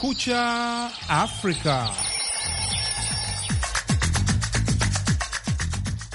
Kumekucha Afrika.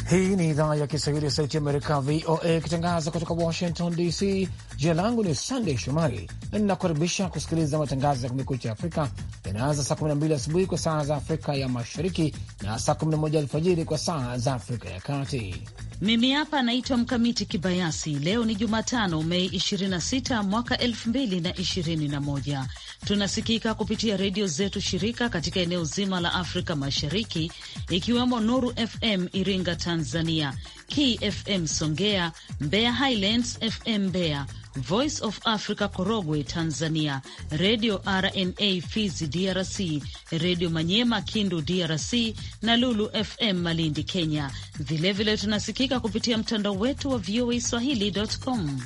Hii ni idhaa ya Kiswahili ya Sauti Amerika, VOA, ikitangaza kutoka Washington DC. Jina langu ni Sandey Shomari na ninakukaribisha kusikiliza matangazo ya Kumekucha Afrika yanaanza saa 12 asubuhi kwa saa za Afrika ya Mashariki na saa 11 alfajiri kwa saa za Afrika ya Kati. Mimi hapa naitwa Mkamiti Kibayasi. Leo ni Jumatano, Mei 26 mwaka 2021 Tunasikika kupitia redio zetu shirika katika eneo zima la Afrika Mashariki, ikiwemo Nuru FM Iringa Tanzania, KFM Songea, Mbeya Highlands FM Mbeya, Voice of Africa Korogwe Tanzania, Redio RNA Fizi DRC, Redio Manyema Kindu DRC na Lulu FM Malindi Kenya. Vilevile vile tunasikika kupitia mtandao wetu wa VOA Swahili.com.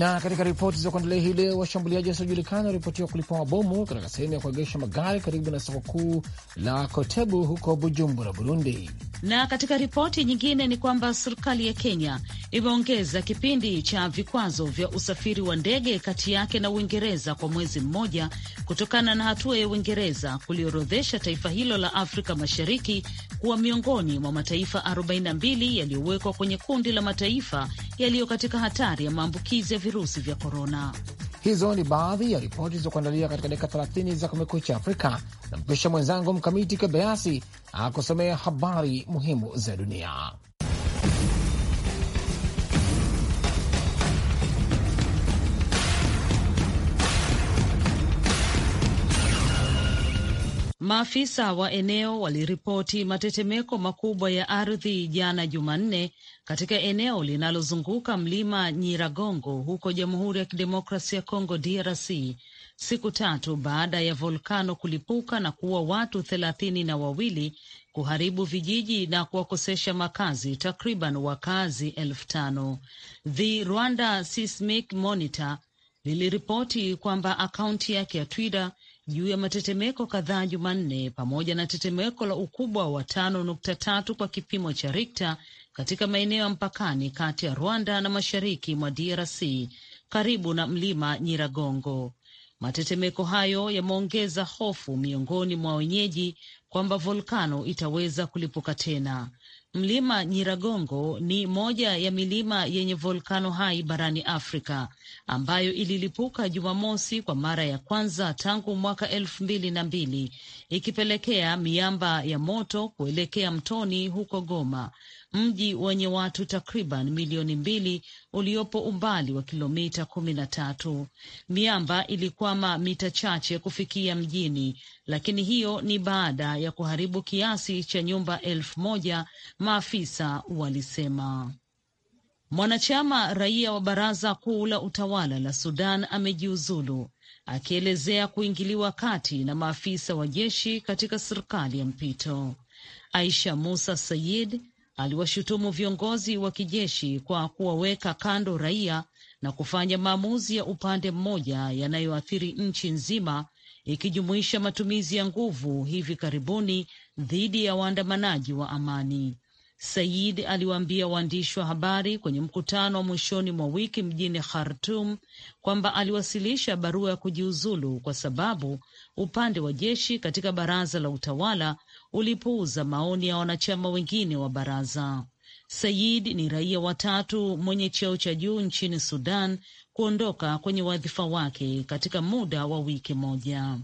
Na katika ripoti za kuendelea hii leo, washambuliaji wasiojulikana waripotiwa kulipa mabomu katika sehemu ya kuegesha magari karibu na soko kuu la Kotebu huko Bujumbura, Burundi. Na katika ripoti nyingine ni kwamba serikali ya Kenya imeongeza kipindi cha vikwazo vya usafiri wa ndege kati yake na Uingereza kwa mwezi mmoja kutokana na hatua ya Uingereza kuliorodhesha taifa hilo la Afrika Mashariki kuwa miongoni mwa mataifa 42 yaliyowekwa kwenye kundi la mataifa yaliyo katika hatari ya maambukizi ya virusi vya korona. Hizo ni baadhi ya ripoti zilizokuandalia katika dakika 30 za Kumekucha Afrika, na mpisha mwenzangu Mkamiti Kibayasi akusomea habari muhimu za dunia. Maafisa wa eneo waliripoti matetemeko makubwa ya ardhi jana Jumanne katika eneo linalozunguka mlima Nyiragongo huko Jamhuri ya Kidemokrasia ya Kongo DRC, siku tatu baada ya volkano kulipuka na kuua watu thelathini na wawili, kuharibu vijiji na kuwakosesha makazi takriban wakazi elfu tano. The Rwanda Seismic Monitor liliripoti kwamba akaunti yake ya Twitter juu ya matetemeko kadhaa Jumanne pamoja na tetemeko la ukubwa wa tano nukta tatu kwa kipimo cha Rikta katika maeneo ya mpakani kati ya Rwanda na mashariki mwa DRC karibu na mlima Nyiragongo. Matetemeko hayo yameongeza hofu miongoni mwa wenyeji kwamba volkano itaweza kulipuka tena. Mlima Nyiragongo ni moja ya milima yenye volkano hai barani Afrika ambayo ililipuka Jumamosi kwa mara ya kwanza tangu mwaka elfu mbili na mbili ikipelekea miamba ya moto kuelekea mtoni huko Goma mji wenye watu takriban milioni mbili uliopo umbali wa kilomita kumi na tatu. Miamba ilikwama mita chache kufikia mjini, lakini hiyo ni baada ya kuharibu kiasi cha nyumba elfu moja maafisa walisema. Mwanachama raia wa baraza kuu la utawala la Sudan amejiuzulu akielezea kuingiliwa kati na maafisa wa jeshi katika serikali ya mpito. Aisha Musa Sayid aliwashutumu viongozi wa kijeshi kwa kuwaweka kando raia na kufanya maamuzi ya upande mmoja yanayoathiri nchi nzima ikijumuisha matumizi ya nguvu hivi karibuni dhidi ya waandamanaji wa amani. Said aliwaambia waandishi wa habari kwenye mkutano wa mwishoni mwa wiki mjini Khartum kwamba aliwasilisha barua ya kujiuzulu kwa sababu upande wa jeshi katika baraza la utawala ulipuuza maoni ya wanachama wengine wa baraza. Sayid ni raia wa tatu mwenye cheo cha juu nchini Sudan kuondoka kwenye wadhifa wake katika muda wa wiki moja.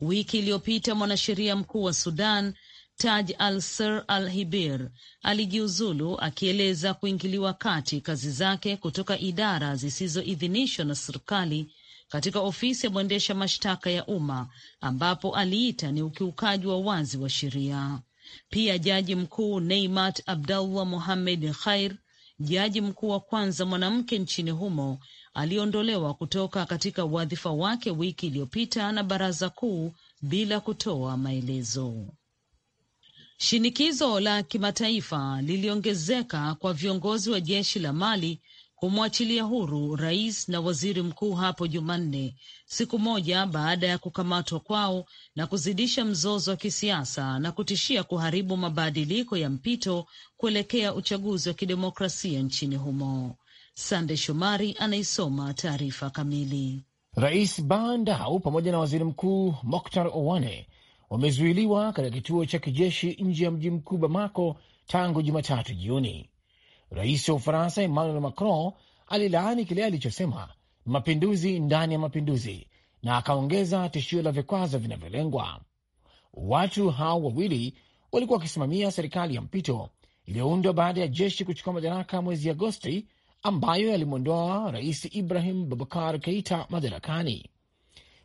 Wiki iliyopita mwanasheria mkuu wa Sudan Taj al-Sir al-Hibir alijiuzulu akieleza kuingiliwa kati kazi zake kutoka idara zisizoidhinishwa na serikali katika ofisi ya mwendesha mashtaka ya umma ambapo aliita ni ukiukaji wa wazi wa sheria. Pia jaji mkuu Neimat Abdallah Mohamed Khair, jaji mkuu wa kwanza mwanamke nchini humo, aliondolewa kutoka katika wadhifa wake wiki iliyopita na baraza kuu bila kutoa maelezo. Shinikizo la kimataifa liliongezeka kwa viongozi wa jeshi la Mali kumwachilia huru rais na waziri mkuu hapo Jumanne, siku moja baada ya kukamatwa kwao na kuzidisha mzozo wa kisiasa na kutishia kuharibu mabadiliko ya mpito kuelekea uchaguzi wa kidemokrasia nchini humo. Sande Shomari anaisoma taarifa kamili. Rais Bandau pamoja na waziri mkuu Moktar Owane wamezuiliwa katika kituo cha kijeshi nje ya mji mkuu Bamako tangu Jumatatu jioni. Rais wa Ufaransa Emmanuel Macron alilaani kile alichosema mapinduzi ndani ya mapinduzi na akaongeza tishio la vikwazo vinavyolengwa. Watu hao wawili walikuwa wakisimamia serikali ya mpito iliyoundwa baada ya jeshi kuchukua madaraka mwezi Agosti, ambayo yalimwondoa rais Ibrahim Babakar Keita madarakani.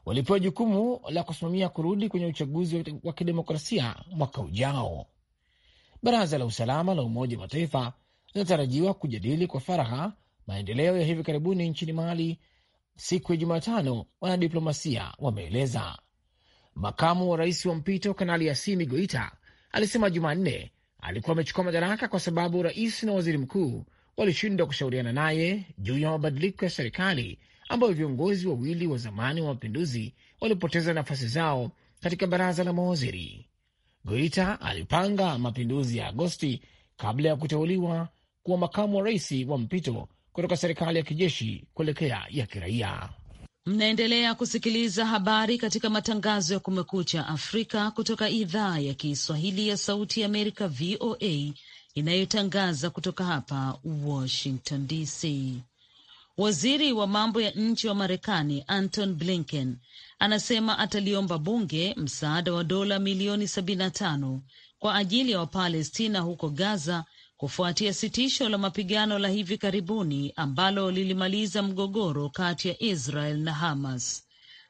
Walipewa jukumu la kusimamia kurudi kwenye uchaguzi wa kidemokrasia mwaka ujao. Baraza la usalama la Umoja wa Mataifa inatarajiwa kujadili kwa faragha maendeleo ya hivi karibuni nchini Mali siku ya Jumatano, wanadiplomasia wameeleza. Makamu wa rais wa mpito Kanali Yasimi Goita alisema Jumanne alikuwa amechukua madaraka kwa sababu rais na waziri mkuu walishindwa kushauriana naye juu ya mabadiliko ya serikali ambayo viongozi wawili wa zamani wa mapinduzi walipoteza nafasi zao katika baraza la mawaziri. Goita alipanga mapinduzi ya Agosti kabla ya kuteuliwa kuwa makamu wa rais wa mpito kutoka serikali ya kijeshi kuelekea ya kiraia. Mnaendelea kusikiliza habari katika matangazo ya Kumekucha Afrika kutoka idhaa ya Kiswahili ya Sauti ya Amerika, VOA, inayotangaza kutoka hapa Washington DC. Waziri wa mambo ya nje wa Marekani Anton Blinken anasema ataliomba bunge msaada wa dola milioni 75 kwa ajili ya Wapalestina huko Gaza kufuatia sitisho la mapigano la hivi karibuni ambalo lilimaliza mgogoro kati ya Israel na Hamas.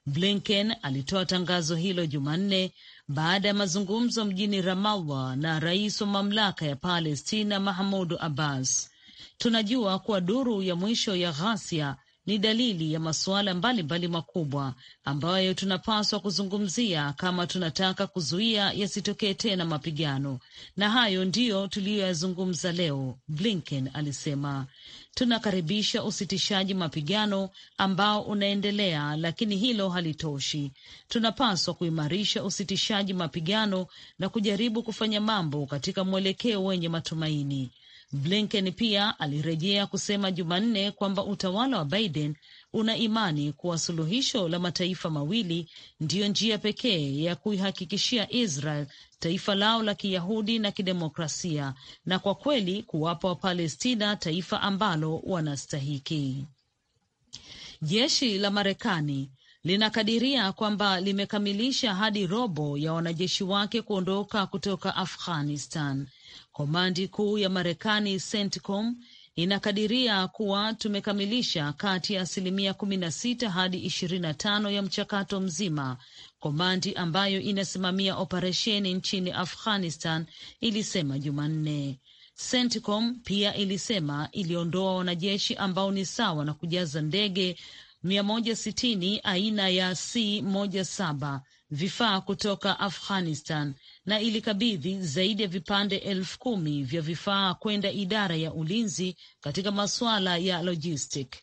Blinken alitoa tangazo hilo Jumanne baada ya mazungumzo mjini Ramallah na rais wa mamlaka ya Palestina Mahmud Abbas. Tunajua kuwa duru ya mwisho ya ghasia ni dalili ya masuala mbalimbali makubwa ambayo tunapaswa kuzungumzia kama tunataka kuzuia yasitokee tena mapigano, na hayo ndiyo tuliyoyazungumza leo, Blinken alisema. Tunakaribisha usitishaji mapigano ambao unaendelea, lakini hilo halitoshi. Tunapaswa kuimarisha usitishaji mapigano na kujaribu kufanya mambo katika mwelekeo wenye matumaini. Blinken pia alirejea kusema Jumanne kwamba utawala wa Biden una imani kuwa suluhisho la mataifa mawili ndiyo njia pekee ya kuihakikishia Israel taifa lao la Kiyahudi na kidemokrasia na kwa kweli kuwapa Wapalestina taifa ambalo wanastahiki. Jeshi la Marekani linakadiria kwamba limekamilisha hadi robo ya wanajeshi wake kuondoka kutoka Afghanistan Komandi kuu ya Marekani CENTCOM inakadiria kuwa tumekamilisha kati ya asilimia kumi na sita hadi ishirini na tano ya mchakato mzima. Komandi ambayo inasimamia operesheni nchini Afghanistan ilisema Jumanne. CENTCOM pia ilisema iliondoa wanajeshi ambao ni sawa na kujaza ndege 160 aina ya C17 vifaa kutoka Afghanistan na ilikabidhi zaidi ya vipande elfu kumi vya vifaa kwenda idara ya ulinzi katika masuala ya logistic.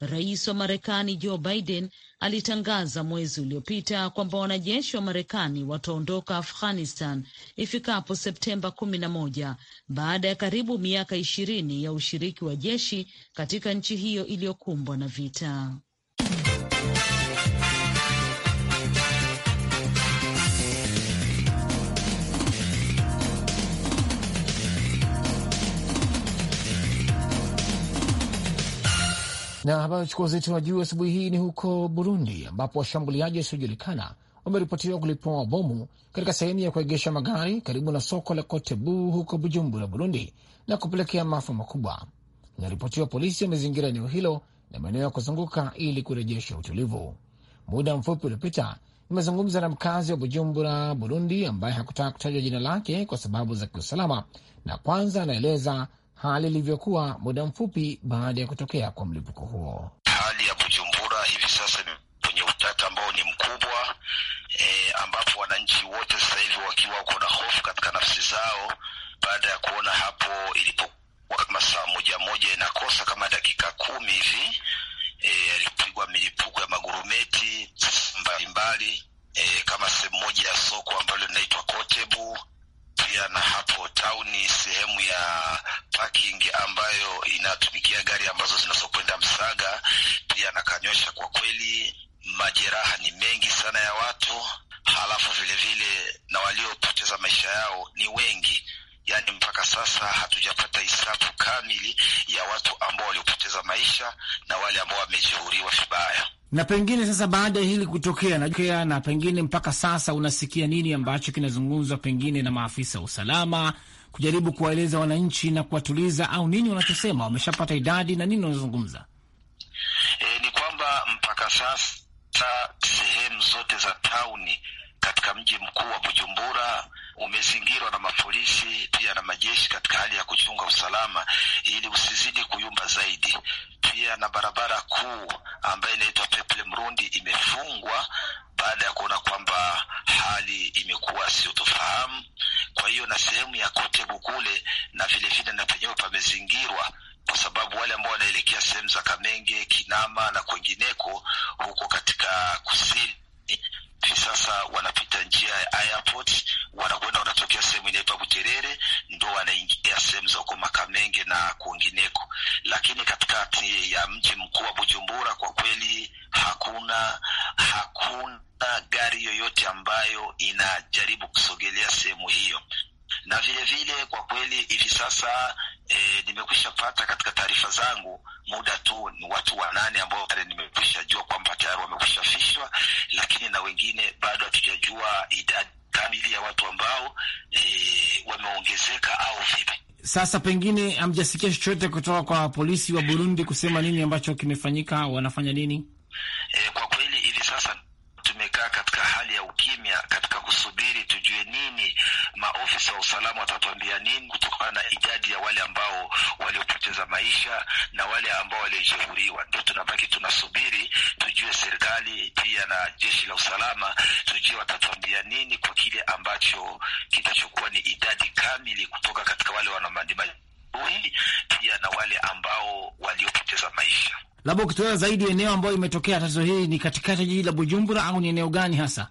Rais wa Marekani Joe Biden alitangaza mwezi uliopita kwamba wanajeshi wa Marekani wataondoka Afghanistan ifikapo Septemba kumi na moja baada ya karibu miaka ishirini ya ushiriki wa jeshi katika nchi hiyo iliyokumbwa na vita. Na habari uchukua uzito wa juu asubuhi hii ni huko Burundi, ambapo washambuliaji wasiojulikana wameripotiwa kulipoa mabomu katika sehemu ya kuegesha magari karibu na soko la Kotebu huko Bujumbura, Burundi, na kupelekea maafa makubwa. Inaripotiwa polisi wamezingira eneo hilo na maeneo ya kuzunguka ili kurejesha utulivu. Muda mfupi uliopita nimezungumza na mkazi wa Bujumbura, Burundi, ambaye hakutaka kutajwa jina lake kwa sababu za kiusalama, na kwanza anaeleza hali ilivyokuwa muda mfupi baada ya kutokea kwa mlipuko huo. Hali ya Bujumbura hivi sasa ni kwenye utata ambao ni mkubwa e, ambapo wananchi wote sasa hivi wakiwa wako na hofu katika nafsi zao baada ya kuona hapo ilipokuwa kama saa moja moja inakosa kama dakika kumi hivi e, yalipigwa e, milipuko ya magurumeti mbalimbali mbali, e, kama sehemu moja ya soko ambalo linaitwa Kotebu pia na hapo tauni, sehemu ya parking ambayo inatumikia gari ambazo zinazokwenda Msaga, pia kanyosha Kwa kweli majeraha ni mengi sana ya watu, halafu vilevile vile, na waliopoteza maisha yao ni wengi yaani mpaka sasa hatujapata hisabu kamili ya watu ambao waliopoteza maisha na wale ambao wamejeruhiwa vibaya na pengine sasa baada ya hili kutokea najua, na pengine mpaka sasa unasikia nini ambacho kinazungumzwa pengine na maafisa wa usalama kujaribu kuwaeleza wananchi na kuwatuliza, au nini wanachosema? Wameshapata idadi na nini wanazungumza? E, ni kwamba mpaka sasa sehemu zote za tauni katika mji mkuu wa Bujumbura umezingirwa na mapolisi pia na majeshi katika hali ya kuchunga usalama ili usizidi kuyumba zaidi. Pia na barabara kuu ambayo inaitwa Peple Mrundi imefungwa baada ya kuona kwamba hali imekuwa siyotofahamu. Kwa hiyo na sehemu ya kote kule na vilevile na penyewe pamezingirwa kwa sababu wale ambao wanaelekea sehemu za Kamenge, Kinama na kwengineko huko katika kusini sasa wanapita njia ya airport Sasa pengine hamjasikia chochote kutoka kwa polisi wa Burundi kusema nini ambacho kimefanyika, wanafanya nini? pamoja na jeshi la usalama, tujue watatuambia nini kwa kile ambacho kitachokuwa ni idadi kamili kutoka katika wale wanamandimai, pia na wale ambao waliopoteza maisha. Labda ukitoea zaidi, eneo ambayo imetokea tatizo hili ni katikati ya jiji la Bujumbura au ni eneo gani hasa?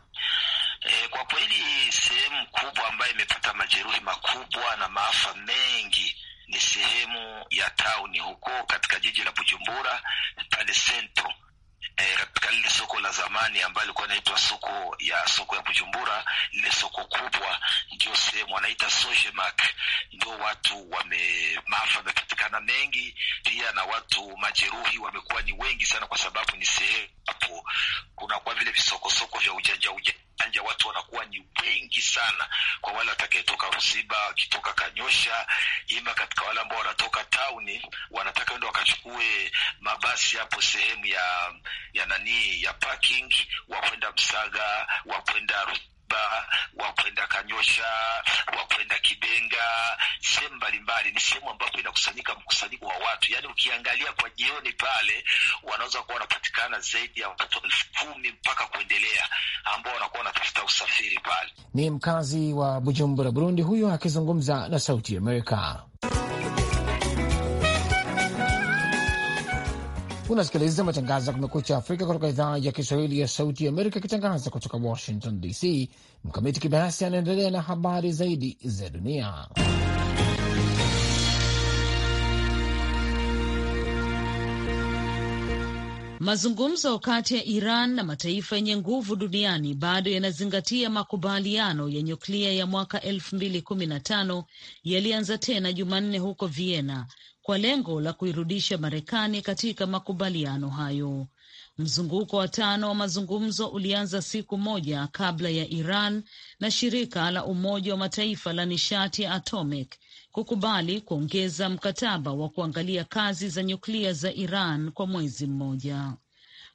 E, kwa kweli sehemu kubwa ambayo imepata majeruhi makubwa na maafa mengi ni sehemu ya tauni huko katika jiji la Bujumbura pale sento eh, katika lile soko la zamani ambayo ilikuwa inaitwa soko ya soko ya Bujumbura, lile soko kubwa, ndio sehemu wanaita Sojemak, ndio watu wame maafa wamepatikana mengi, pia na watu majeruhi wamekuwa ni wengi sana, kwa sababu ni sehemu hapo kunakuwa vile visokosoko vya ujanja ujanja anja watu wanakuwa ni wengi sana, kwa wale watakayetoka Rusiba wakitoka Kanyosha ima, katika wale ambao wanatoka tauni wanataka enda wakachukue mabasi hapo sehemu ya ya nani ya parking, wa kwenda Msaga, wa kwenda Ruba, wa kwenda Kanyosha, wa kwenda Kibenga, sehemu mbalimbali. Ni sehemu ambapo inakusanyika mkusanyiko wa watu, yaani ukiangalia kwa jioni pale wanaweza kuwa wanapatikana zaidi ya watu elfu kumi mpaka kuendelea, ambao wanakuwa wanatafuta usafiri pale. Ni mkazi wa Bujumbura, Burundi, huyo akizungumza na Sauti ya Amerika. Unasikiliza matangazo ya Kumekucha Afrika kutoka idhaa ya Kiswahili ya Sauti Amerika, ikitangaza kutoka Washington DC. Mkamiti Kibayasi anaendelea na habari zaidi za dunia. Mazungumzo kati ya Iran na mataifa yenye nguvu duniani bado yanazingatia makubaliano ya nyuklia ya mwaka elfu mbili kumi na tano yalianza tena Jumanne huko Vienna kwa lengo la kuirudisha Marekani katika makubaliano hayo. Mzunguko wa tano wa mazungumzo ulianza siku moja kabla ya Iran na shirika la Umoja wa Mataifa la nishati ya atomic kukubali kuongeza mkataba wa kuangalia kazi za nyuklia za Iran kwa mwezi mmoja.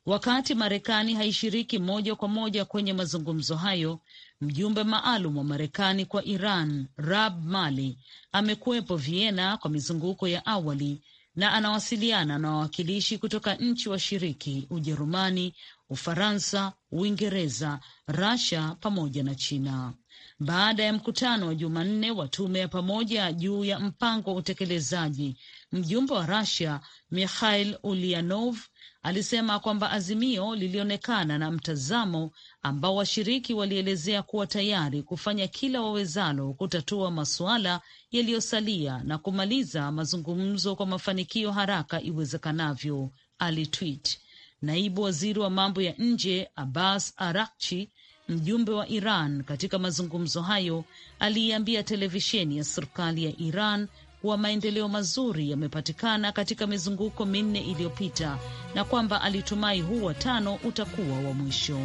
Wakati Marekani haishiriki moja kwa moja kwenye mazungumzo hayo, mjumbe maalum wa Marekani kwa Iran Rab Mali amekuwepo Vienna kwa mizunguko ya awali na anawasiliana na wawakilishi kutoka nchi washiriki Ujerumani, Ufaransa, Uingereza, rasia pamoja na China. Baada ya mkutano wa Jumanne wa tume ya pamoja juu ya mpango wa utekelezaji, mjumbe wa Rasia Mikhail Ulianov alisema kwamba azimio lilionekana na mtazamo ambao washiriki walielezea kuwa tayari kufanya kila wawezalo kutatua masuala yaliyosalia na kumaliza mazungumzo kwa mafanikio haraka iwezekanavyo, alitwit Naibu waziri wa mambo ya nje Abbas Arakchi, mjumbe wa Iran katika mazungumzo hayo, aliiambia televisheni ya serikali ya Iran kuwa maendeleo mazuri yamepatikana katika mizunguko minne iliyopita na kwamba alitumai huu wa tano utakuwa wa mwisho.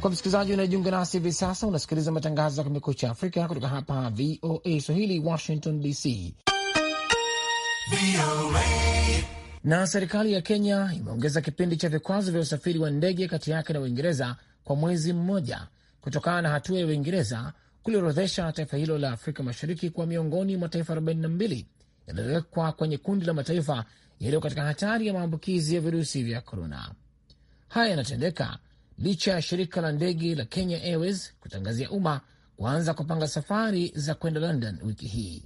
Kwa msikilizaji unayejiunga nasi hivi sasa, unasikiliza matangazo ya Kumekucha Afrika kutoka hapa VOA Swahili, Washington DC. Na serikali ya Kenya imeongeza kipindi cha vikwazo vya usafiri wa ndege kati yake na Uingereza kwa mwezi mmoja kutokana na hatua ya Uingereza kuliorodhesha taifa hilo la Afrika Mashariki kwa miongoni mwa taifa 42 yaliyowekwa kwenye kundi la mataifa yaliyo katika hatari ya maambukizi ya virusi vya korona. Haya yanatendeka licha ya shirika la ndege la Kenya Airways kutangazia umma kuanza kupanga safari za kwenda London wiki hii.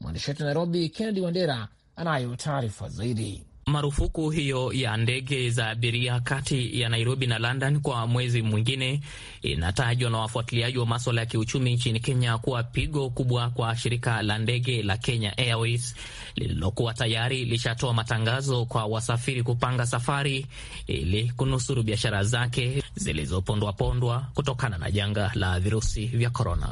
Mwandishi wetu Nairobi, Kennedy Wandera, anayo taarifa zaidi. Marufuku hiyo ya ndege za abiria kati ya Nairobi na London kwa mwezi mwingine inatajwa na wafuatiliaji wa maswala ya kiuchumi nchini Kenya kuwa pigo kubwa kwa shirika la ndege la Kenya Airways lililokuwa tayari lishatoa matangazo kwa wasafiri kupanga safari ili kunusuru biashara zake zilizopondwapondwa kutokana na janga la virusi vya korona.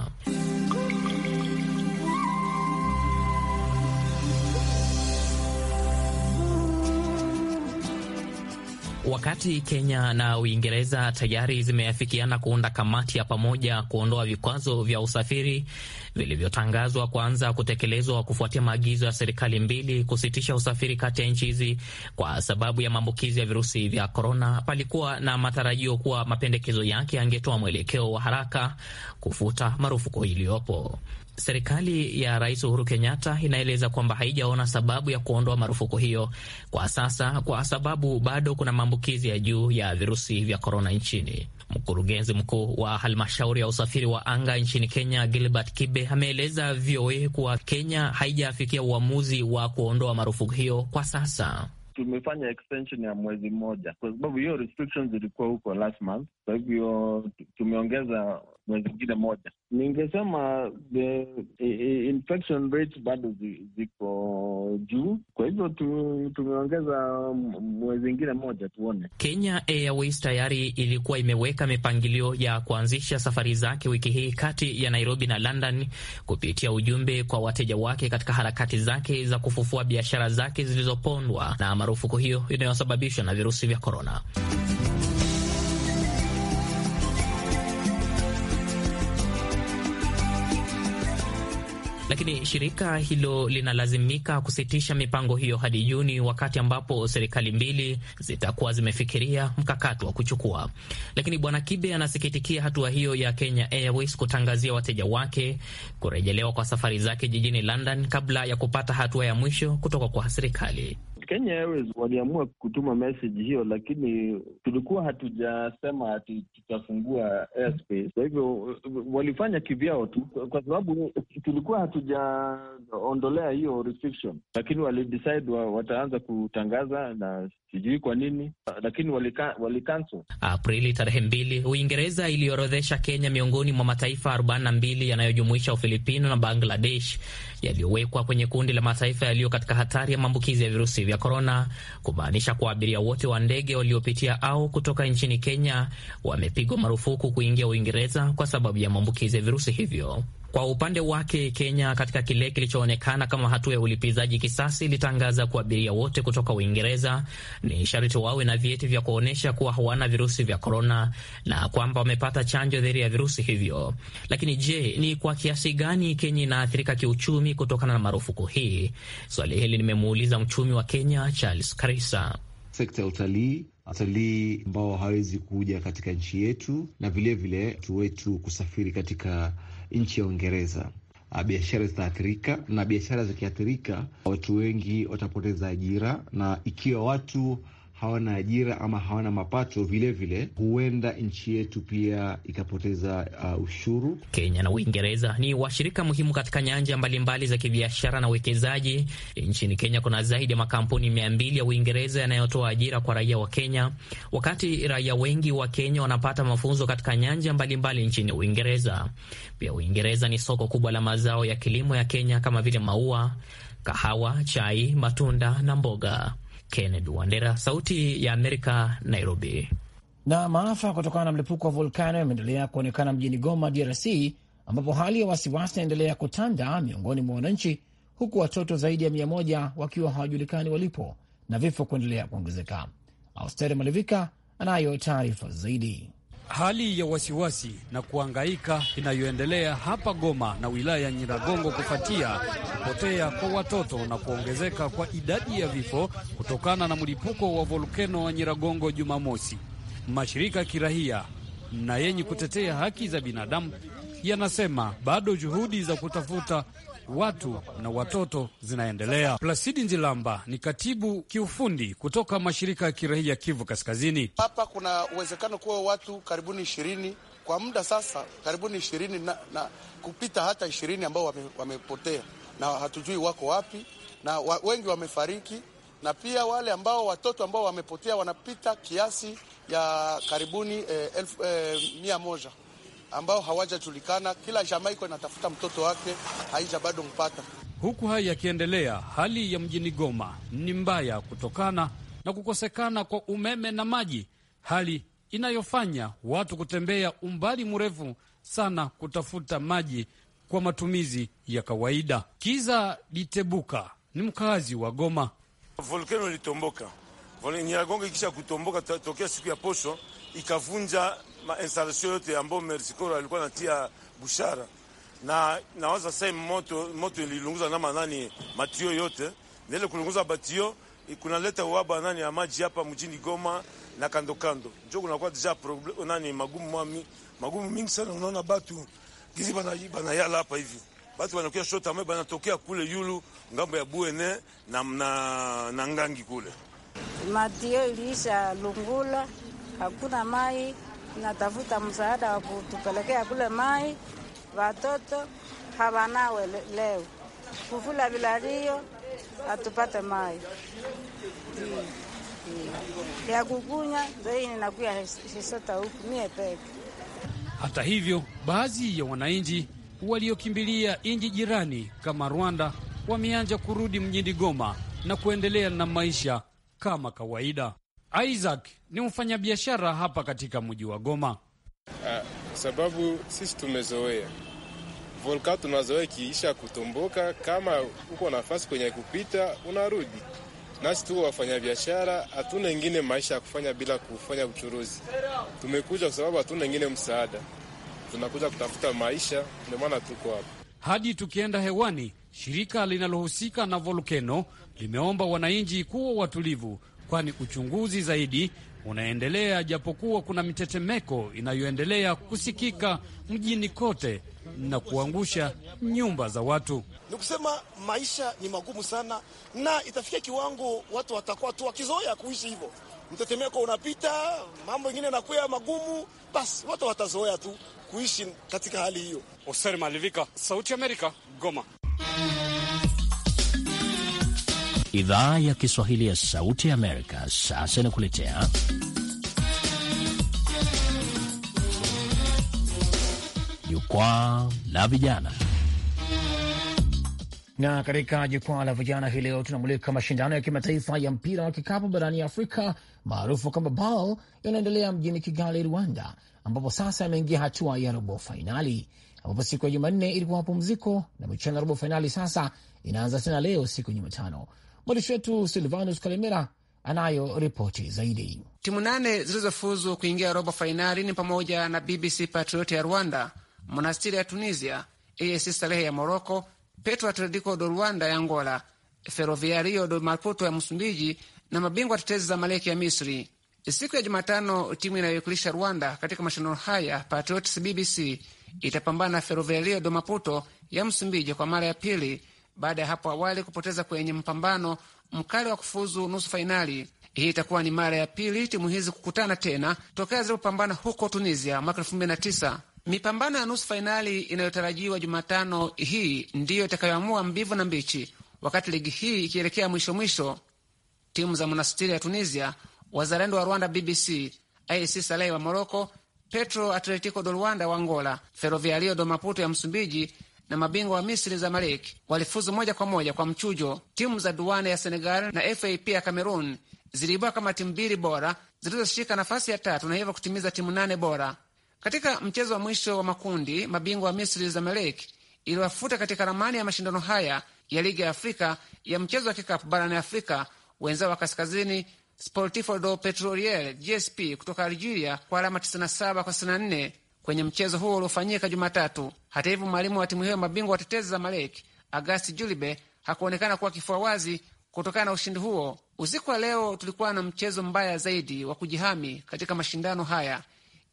Wakati Kenya na Uingereza tayari zimeafikiana kuunda kamati ya pamoja kuondoa vikwazo vya usafiri vilivyotangazwa kuanza kutekelezwa kufuatia maagizo ya serikali mbili kusitisha usafiri kati ya nchi hizi kwa sababu ya maambukizi ya virusi vya korona, palikuwa na matarajio kuwa mapendekezo yake yangetoa mwelekeo wa haraka kufuta marufuku iliyopo. Serikali ya Rais Uhuru Kenyatta inaeleza kwamba haijaona sababu ya kuondoa marufuku hiyo kwa sasa, kwa sababu bado kuna maambukizi ya juu ya virusi vya korona nchini. Mkurugenzi mkuu wa halmashauri ya usafiri wa anga nchini Kenya, Gilbert Kibe, ameeleza VOA kuwa Kenya haijafikia uamuzi wa kuondoa marufuku hiyo kwa sasa. Tumefanya extension ya mwezi mmoja kwa sababu hiyo restrictions zilikuwa huko last month, kwa hivyo tumeongeza mwingine moja. Ningesema the eh, eh, infection rates bado ziko juu, kwa hivyo tumeongeza mwezi ingine moja tuone. Kenya Airways tayari ilikuwa imeweka mipangilio ya kuanzisha safari zake wiki hii kati ya Nairobi na London kupitia ujumbe kwa wateja wake katika harakati zake za kufufua biashara zake zilizopondwa na marufuku hiyo inayosababishwa na virusi vya korona. lakini shirika hilo linalazimika kusitisha mipango hiyo hadi Juni, wakati ambapo serikali mbili zitakuwa zimefikiria mkakati wa kuchukua. Lakini Bwana Kibe anasikitikia hatua hiyo ya Kenya Airways kutangazia wateja wake kurejelewa kwa safari zake jijini London kabla ya kupata hatua ya mwisho kutoka kwa serikali. Kenya Airways waliamua kutuma message hiyo, lakini tulikuwa hatujasema ati tutafungua airspace. Kwa hivyo walifanya kivyao tu, kwa sababu tulikuwa hatujaondolea hiyo restriction, lakini walidecide wa, wataanza kutangaza na sijui kwa nini lakini walika, Aprili tarehe mbili, Uingereza iliorodhesha Kenya miongoni mwa mataifa 42 yanayojumuisha Ufilipino na Bangladesh yaliyowekwa kwenye kundi la mataifa yaliyo katika hatari ya maambukizi ya virusi vya korona, kumaanisha kwa abiria wote wa ndege waliopitia au kutoka nchini Kenya wamepigwa marufuku kuingia Uingereza kwa sababu ya maambukizi ya virusi hivyo. Kwa upande wake, Kenya katika kile kilichoonekana kama hatua ya ulipizaji kisasi ilitangaza kuwa abiria wote kutoka Uingereza ni sharti wawe na vyeti vya kuonyesha kuwa hawana virusi vya korona na kwamba wamepata chanjo dhidi ya virusi hivyo. Lakini je, ni kwa kiasi gani Kenya inaathirika kiuchumi kutokana na marufuku hii? Swali hili nimemuuliza mchumi wa Kenya Charles Karisa. Sekta ya utalii watalii ambao hawawezi kuja katika nchi yetu na vilevile watu wetu kusafiri katika nchi ya Uingereza. Ah, biashara zitaathirika, na biashara zikiathirika, watu wengi watapoteza ajira, na ikiwa watu hawana ajira ama hawana mapato vilevile vile, huenda nchi yetu pia ikapoteza uh, ushuru. Kenya na Uingereza ni washirika muhimu katika nyanja mbalimbali mbali za kibiashara na uwekezaji. Nchini Kenya kuna zaidi ya makampuni mia mbili ya Uingereza yanayotoa ajira kwa raia wa Kenya, wakati raia wengi wa Kenya wanapata mafunzo katika nyanja mbalimbali mbali nchini Uingereza. Pia Uingereza ni soko kubwa la mazao ya kilimo ya Kenya kama vile maua, kahawa, chai, matunda na mboga. Kennedy Wandera, Sauti ya Amerika, Nairobi. Na maafa kutokana na mlipuko wa volkano yameendelea kuonekana mjini Goma, DRC, ambapo hali ya wasiwasi inaendelea kutanda miongoni mwa wananchi, huku watoto zaidi ya mia moja wakiwa hawajulikani walipo na vifo kuendelea kuongezeka. Austeri Malivika anayo taarifa zaidi. Hali ya wasiwasi na kuangaika inayoendelea hapa Goma na wilaya ya Nyiragongo kufuatia kupotea kwa watoto na kuongezeka kwa idadi ya vifo kutokana na mlipuko wa volkeno wa Nyiragongo Jumamosi. Mashirika ya kirahia na yenye kutetea haki za binadamu yanasema bado juhudi za kutafuta watu na watoto zinaendelea. Plasidi Nzilamba ni katibu kiufundi kutoka mashirika ya kiraia ya Kivu Kaskazini. Hapa kuna uwezekano kuwa watu karibuni ishirini kwa muda sasa, karibuni ishirini na, na kupita hata ishirini ambao wame, wamepotea na hatujui wako wapi na wa, wengi wamefariki na pia wale ambao watoto ambao wamepotea wanapita kiasi ya karibuni eh, elfu, eh, mia moja ambao hawajajulikana. Kila jamaa iko inatafuta mtoto wake, haija bado mpata. Huku haya yakiendelea, hali ya mjini Goma ni mbaya kutokana na kukosekana kwa umeme na maji, hali inayofanya watu kutembea umbali mrefu sana kutafuta maji kwa matumizi ya kawaida. Kiza Litebuka ni mkazi wa Goma. Volkeno ilitomboka Nyiragongo, ikisha kutomboka tokea siku ya posho ikavunja mainstalasio yote ambayo Merisikoro alikuwa natia bushara na nawaza sai moto moto ililunguza nama nani matio yote nile kulunguza batio kunaleta uhaba nani ya maji hapa mjini Goma na kando kando, njo kunakuwa deja problem nani magumu mami magumu mingi sana. Unaona batu gizi bana banayala hapa hivi, batu banakuya shota mai banatokea kule yulu ngambo ya buene na, na, na ngangi kule matio iliisha lungula, hakuna mai natafuta msaada wa kutupelekea kule mai, watoto hawanawe leo kufula vilario, atupate mai hmm. ya kukunya zaidi, ninakuya hisota huku mie peke. Hata hivyo, baadhi ya wananchi waliokimbilia nchi jirani kama Rwanda wameanza kurudi mjini Goma na kuendelea na maisha kama kawaida. Isaac ni mfanyabiashara hapa katika mji wa Goma. Uh, sababu sisi tumezoea volka, tunazoea ikiisha kutomboka, kama uko nafasi kwenye kupita unarudi. Nasi tuko wafanyabiashara, hatuna ingine maisha ya kufanya bila kufanya uchuruzi. Tumekuja kwa sababu hatuna ingine msaada, tunakuja kutafuta maisha, ndio maana tuko hapa. Hadi tukienda hewani, shirika linalohusika na volkeno limeomba wananchi kuwa watulivu kwani uchunguzi zaidi unaendelea, japokuwa kuna mitetemeko inayoendelea kusikika mjini kote na kuangusha nyumba za watu. Ni kusema maisha ni magumu sana, na itafikia kiwango watu watakuwa tu wakizoea kuishi hivyo. Mtetemeko unapita, mambo ingine yanakuwa magumu, basi watu watazoea tu kuishi katika hali hiyo. Oser Malivika, Sauti ya Amerika, Goma. Idhaa ya Kiswahili ya Sauti ya Amerika sasa inakuletea Jukwaa la Vijana, na katika Jukwaa la Vijana hii leo tunamulika mashindano ya kimataifa ya mpira wa kikapu barani Afrika maarufu kama BAL yanaendelea mjini Kigali, Rwanda, ambapo sasa yameingia hatua ya robo fainali ambapo siku ya Jumanne ilikuwa mapumziko na michuano ya robo fainali sasa inaanza tena leo siku ya Jumatano, Mwandishi wetu Silvanus Kalemera anayo ripoti zaidi. Timu nane zilizofuzu kuingia robo fainali ni pamoja na BBC patrioti ya Rwanda, Monastiri ya Tunisia, AS Salehe ya Moroko, Petro Atletico do Rwanda ya Angola, Ferroviario do Maputo ya Msumbiji na mabingwa tetezi za Maleki ya Misri. Siku ya Jumatano, timu inayowakilisha Rwanda katika mashindano haya Patriots BBC itapambana na Ferroviario do Maputo ya Msumbiji kwa mara ya pili baada ya hapo awali kupoteza kwenye mpambano mkali wa kufuzu nusu fainali. Hii itakuwa ni mara ya pili timu hizi kukutana tena tokea zilipopambana huko Tunisia mwaka elfu mbili na tisa. Mipambano ya nusu fainali inayotarajiwa Jumatano hii ndiyo itakayoamua mbivu na mbichi, wakati ligi hii ikielekea mwisho mwisho. Timu za Monastiri ya Tunisia, Wazalendo wa Rwanda BBC, AS Salei wa Moroko, Petro Atletico do Luanda wa Angola, Ferroviario do Maputo ya Msumbiji na mabingwa wa Misri Zamalek walifuzu moja kwa moja kwa mchujo. Timu za Duane ya Senegal na FAP ya Cameroon ziliibuka kama timu mbili bora zilizoshika nafasi ya tatu na hivyo kutimiza timu nane bora. Katika mchezo wa mwisho wa makundi, mabingwa wa Misri Zamalek iliwafuta katika ramani ya mashindano haya ya Ligi ya Afrika ya mchezo wa kikapu barani Afrika wenzao wa Kaskazini Sportivo do Petrolier GSP kutoka Algeria kwa alama 97 kwa 64 kwenye mchezo huo uliofanyika Jumatatu. Hata hivyo, mwalimu wa timu hiyo mabingwa watetezi Zamalek Agasti Julibe hakuonekana kuwa kifua wazi kutokana na ushindi huo. Usiku wa leo tulikuwa na mchezo mbaya zaidi wa kujihami katika mashindano haya,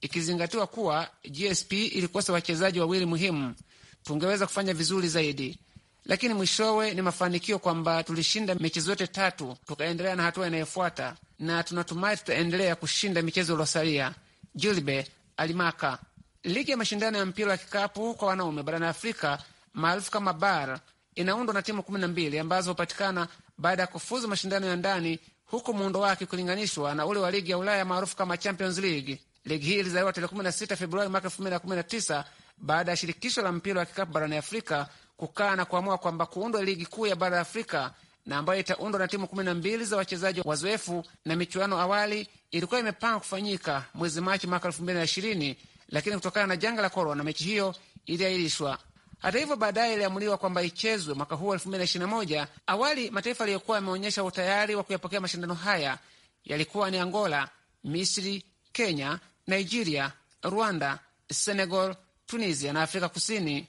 ikizingatiwa kuwa GSP ilikosa wachezaji wawili muhimu. Tungeweza kufanya vizuri zaidi, lakini mwishowe ni mafanikio kwamba tulishinda michezo yote tatu, tukaendelea na hatua inayofuata, na tunatumai tutaendelea kushinda michezo iliosalia. Julibe alimaka Ligi ya mashindano ya mpira wa kikapu kwa wanaume barani Afrika maarufu kama BAR inaundwa na timu kumi na mbili ambazo hupatikana baada ya kufuzu mashindano ya ndani, huku muundo wake ukilinganishwa na ule wa ligi ya Ulaya maarufu kama Champions League. Ligi hii ilizaliwa tarehe 16 Februari mwaka 2019 baada ya shirikisho la mpira wa kikapu barani Afrika kukaa na kuamua kwamba kuundwa ligi kuu ya bara la Afrika na ambayo itaundwa na timu kumi na mbili za wachezaji wazoefu, na michuano awali ilikuwa imepangwa kufanyika mwezi Machi mwaka elfu mbili na ishirini lakini kutokana na janga la korona mechi hiyo iliahirishwa. Hata hivyo, baadaye iliamuliwa kwamba ichezwe mwaka huu elfu mbili na na moja. Awali mataifa yaliyokuwa yameonyesha utayari wa kuyapokea mashindano haya yalikuwa ni Angola, Misri, Kenya, Nigeria, Rwanda, Senegal, Tunisia na Afrika Kusini.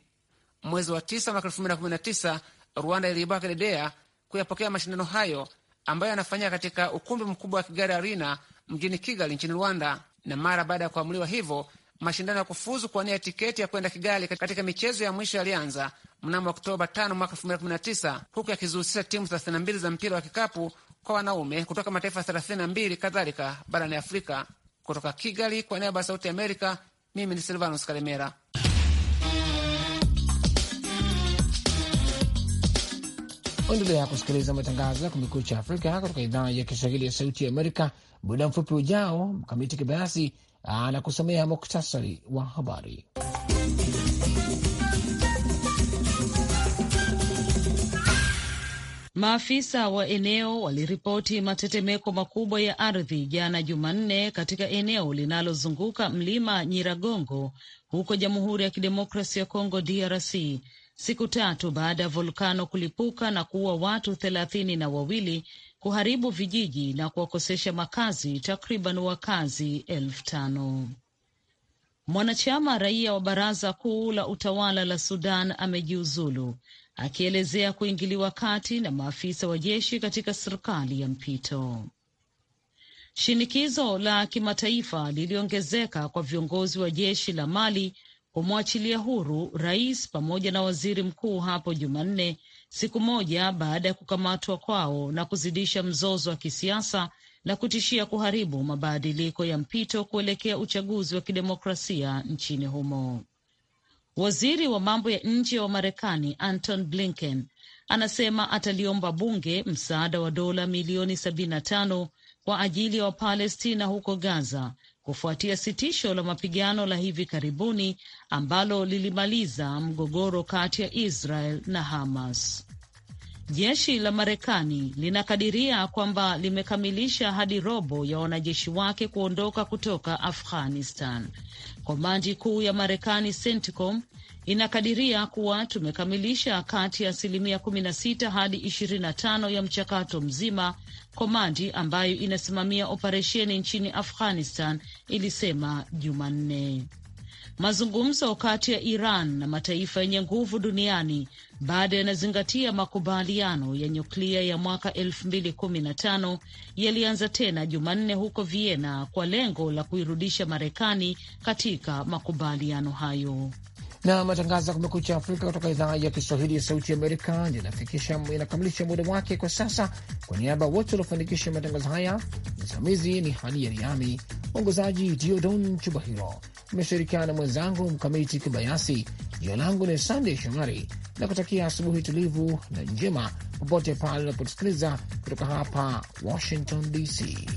Mwezi wa tisa mwaka elfu mbili na na kumi tisa Rwanda iliibua kidedea kuyapokea mashindano hayo ambayo yanafanyika katika ukumbi mkubwa wa Kigali Arena mjini Kigali nchini Rwanda, na mara baada ya kuamuliwa hivyo Mashindano ya kufuzu kuwania tiketi ya kwenda Kigali katika michezo ya mwisho yalianza mnamo Oktoba 5 mwaka 2019 huku yakizihusisha timu 32 za mpira wa kikapu kwa wanaume kutoka mataifa 32 kadhalika barani Afrika. Kutoka Kigali kwa niaba ya Sauti Amerika, mimi ni Silvanus Kalemera. Endelea kusikiliza matangazo ya Kumekucha Afrika kutoka idhaa ya Kiswahili ya Sauti ya Amerika. Muda mfupi ujao, Mkamiti Kibayasi anakusomea ah, muktasari wa habari. Maafisa wa eneo waliripoti matetemeko makubwa ya ardhi jana Jumanne katika eneo linalozunguka mlima Nyiragongo huko Jamhuri ya Kidemokrasi ya Kongo DRC siku tatu baada ya volkano kulipuka na kuua watu thelathini na wawili kuharibu vijiji na kuwakosesha makazi takriban wakazi elfu tano. Mwanachama raia wa baraza kuu la utawala la Sudan amejiuzulu akielezea kuingiliwa kati na maafisa wa jeshi katika serikali ya mpito. Shinikizo la kimataifa liliongezeka kwa viongozi wa jeshi la Mali kumwachilia huru rais pamoja na waziri mkuu hapo Jumanne siku moja baada ya kukamatwa kwao na kuzidisha mzozo wa kisiasa na kutishia kuharibu mabadiliko ya mpito kuelekea uchaguzi wa kidemokrasia nchini humo. Waziri wa mambo ya nje wa Marekani Anton Blinken anasema ataliomba bunge msaada wa dola milioni 75 kwa ajili ya wa Wapalestina huko Gaza kufuatia sitisho la mapigano la hivi karibuni ambalo lilimaliza mgogoro kati ya Israel na Hamas. Jeshi la Marekani linakadiria kwamba limekamilisha hadi robo ya wanajeshi wake kuondoka kutoka Afghanistan. Komandi kuu ya Marekani CENTCOM inakadiria kuwa tumekamilisha kati ya asilimia kumi na sita hadi ishirini na tano ya mchakato mzima, komandi ambayo inasimamia operesheni nchini Afghanistan ilisema Jumanne. Mazungumzo kati ya Iran na mataifa yenye nguvu duniani bado yanazingatia makubaliano ya nyuklia ya mwaka 2015 yalianza tena Jumanne huko Vienna kwa lengo la kuirudisha Marekani katika makubaliano hayo na matangazo ya Kumekucha Afrika kutoka idhaa ya Kiswahili ya Sauti ya Amerika inakamilisha muda wake kwa sasa. Kwa niaba wote waliofanikisha matangazo haya, msimamizi ni Hadi ya Riami, mwongozaji Diodon Chubahiro, imeshirikiana na mwenzangu Mkamiti Kibayasi. Jina langu ni Sandey Shomari na kutakia asubuhi tulivu na njema popote pale unapotusikiliza kutoka hapa Washington DC.